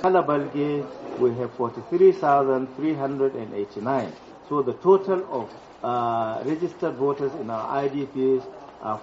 Calabar we have 43,389. So the total of uh, registered voters in our IDPs Uh,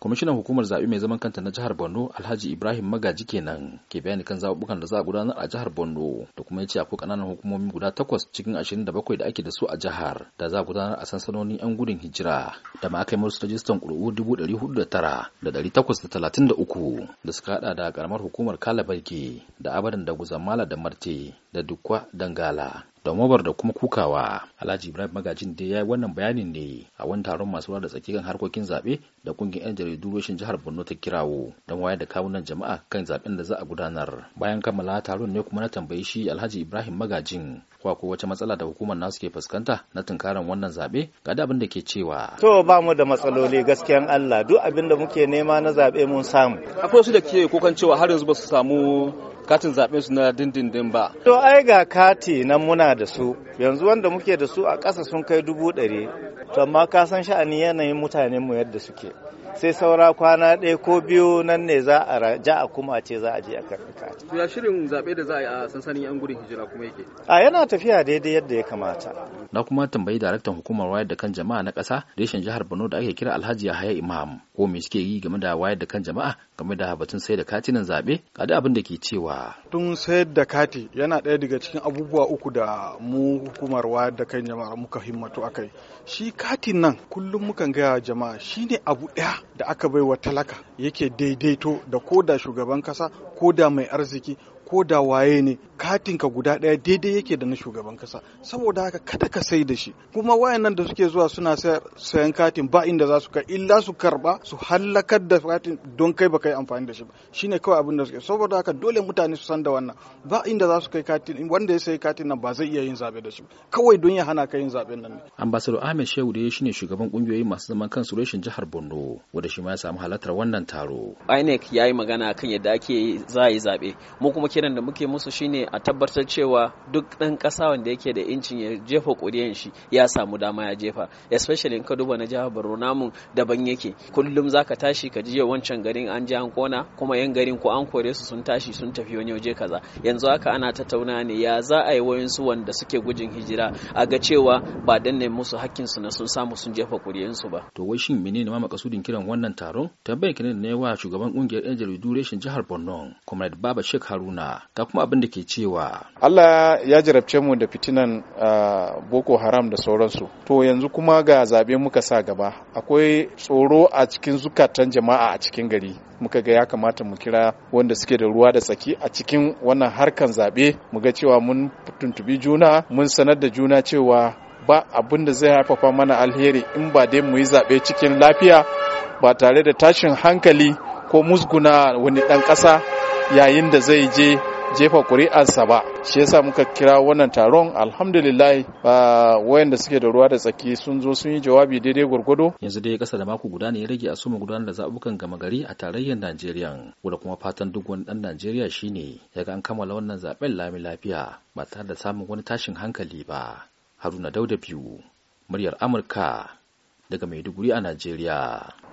Kwamishinan hukumar zaɓe mai zaman kanta na jihar Borno Alhaji Ibrahim Magaji kenan ke bayani kan zaɓuɓɓukan da za a gudanar a jihar Borno da kuma ya ce akwai ƙananan hukumomi guda takwas cikin ashirin da bakwai da ake da su a jihar da za a gudanar a sansanonin 'yan gudun hijira da ma aka yi musu rajistan ƙuri'u dubu ɗari hudu da tara da ɗari takwas da talatin da uku da suka haɗa da ƙaramar hukumar Kalabarki da Abadan da Guzamala da Marte da Dukwa Dangala da mobar da kuma kukawa alhaji ibrahim magajin dai ya yi wannan bayanin ne a wani taron masu ruwa da tsaki kan harkokin zaɓe da kungiyar 'yan jaridu roshin jihar borno ta kirawo don wayar da kawunan jama'a kan zaɓen da za a gudanar bayan kammala taron ne kuma na tambayi shi alhaji ibrahim magajin ko ko wace matsala da hukumar nasu ke fuskanta na tunkaran wannan zaɓe ga da abin da ke cewa to ba mu da matsaloli gaskiyan allah duk abin da muke nema na zaɓe mun samu akwai su da ke kokan cewa har yanzu ba su samu katin zaɓen su na dindindin ba. To ai ga kati nan muna da su yanzu wanda muke da su a ƙasa sun kai dubu ɗari to amma ka san sha'ani yanayin mutanen mu yadda suke sai saura kwana ɗaya ko biyu nan ne za a ja a kuma ce za a je a karɓi kati. ya shirin zaɓe da za a yi a sansanin 'yan gudun hijira kuma yake? a yana tafiya daidai yadda ya kamata. na kuma tambayi daraktan hukumar wayar da kan jama'a na ƙasa reshen jihar borno da ake kira alhaji yahaya imam ko me suke yi game da wayar da kan jama'a game da batun sai da katinan zaɓe ga da abin da ke cewa. tun sayar da kati yana ɗaya daga cikin abubuwa uku da mu hukumar wayar da kan jama'a muka himmatu a kai, shi katin nan kullum mukan gaya jama'a shine abu ɗaya da aka baiwa wa talaka yake daidaito da ko da shugaban kasa ko da mai arziki ko da waye ne katin ka guda ɗaya daidai yake da na shugaban kasa saboda haka kada ka sai da shi kuma nan da suke zuwa suna sayan katin ba inda za su kai illa su karba su hallakar da katin don kai baka yi amfani da shi ba shine kawai abin da suke saboda haka dole mutane su san da wannan ba inda za su kai katin wanda ya sayi katin nan ba zai iya yin zabe da shi kawai don ya hana ka yin zaben nan ne ambassador Ahmed Shehu da shine shugaban kungiyoyi masu zaman kansu reshin jihar Borno wanda shi ma ya samu halartar wannan taro INEC ya yi magana kan yadda ake za a yi zabe mu kuma kiran da muke musu shine a tabbatar cewa duk ɗan ƙasa wanda yake da incin ya jefa ƙuriyan shi ya samu dama ya jefa especially in ka duba na jihar Borno namun daban yake kullum zaka tashi ka ji wancan garin an ji an kona kuma yan garin ko an kore su sun tashi sun tafi wani waje kaza yanzu haka ana tattauna ne ya za a yi su wanda suke gujin hijira a ga cewa ba danne musu hakkin su na sun samu sun jefa ƙuriyan su ba to wai shin menene ma makasudin kiran wannan taron tambayar kiran ne wa shugaban kungiyar yan jaridu reshen jihar Borno Comrade Baba Sheikh Haruna ga kuma abin da ke cewa. Allah ya jarabce mu da fitinan ah, Boko Haram da sauransu. To yanzu kuma ga zaɓe muka sa gaba. Akwai tsoro a cikin zukatan jama'a a cikin gari. Muka ga ya kamata mu kira wanda suke da ruwa da tsaki a cikin wannan harkan zaɓe. Mu ga cewa mun tuntubi juna, mun sanar da juna cewa ba abin da zai haifafa mana alheri in ba dai mu yi zaɓe cikin lafiya ba tare da tashin hankali ko musguna wani ɗan ƙasa yayin da zai je jefa ƙuri'arsa ba shi yasa muka kira wannan taron alhamdulillah ba wayanda suke da ruwa da tsaki sun zo sun yi jawabi daidai gwargwado yanzu dai kasa da mako guda ne ya rage a soma gudanar da zabukan gama gari a tarayyar najeriya wanda kuma fatan duk wani ɗan najeriya shine ya ga an kammala wannan zaben lami lafiya ba tare da samun wani tashin hankali ba haruna dauda biyu muryar amurka daga maiduguri a najeriya